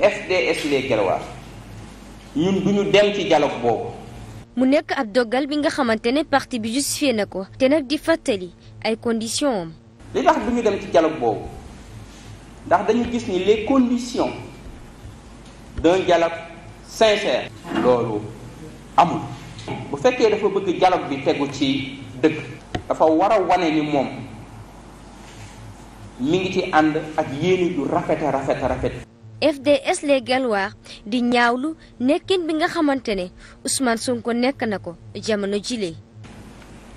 FDS les Guelwaar ñun duñu dem ci dialogue boobu. mu nekk ab dogal bi nga xamante ne parti bi justifié na ko te nag di fàttali ay conditions am. li tax du dem ci dialogue boobu ndax dañu gis ni les condition d'un dialogue sincère. loolu amul. bu fekkee dafa bëgg dialogue bi tegu ci dëgg. dafa war a wane ni moom mi ngi ci ànd ak yéene du rafet a rafet rafet. FDS les waa di ñaawlu nekkin bi nga xamante ne Ousmane Sonko nekk na ko jamono jile.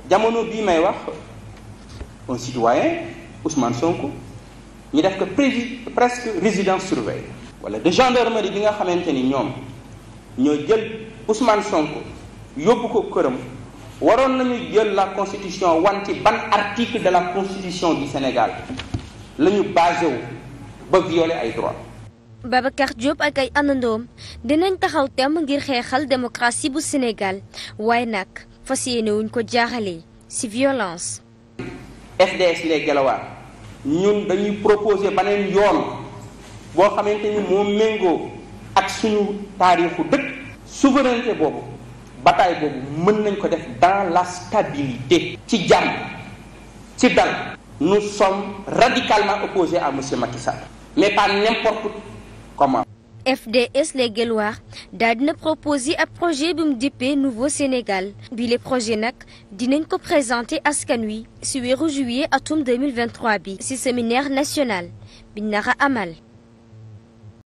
jamono bii may wax un citoyen Ousmane sonk ñu def ko presque résidence surveillée wala de gendarmerie bi nga xamante ni ñoom ñoo jël Ousmane Sonko yóbbu ko këram waroon nañu jël la constitution wan ci ban article de la constitution du Sénégal la ñu basé wu ba violer ay droits. Babacar Diop ak ay àndandoom dinañ taxaw temm ngir xeexal démocratie bu Sénégal waaye nag fas yéene wuñ ko jaaxalee ci violence. FDS les Guelwaar ñun dañuy proposer beneen yoon boo xamante ni moo méngoo ak suñu taarixu dëkk souveraineté boobu bataille boobu mën nañ ko def dans la stabilité. ci jàmm ci dal. nous sommes radicalement opposés à monsieur Macky mais pas n'importe comment. FDS Legué Loir daal dina proposer ab projet bu mu dippee Nouveau Sénégal bi le projet nag dinañ ko présenter askan wi si weeru juillet atum 2023 bi si séminaire national bi nara amal.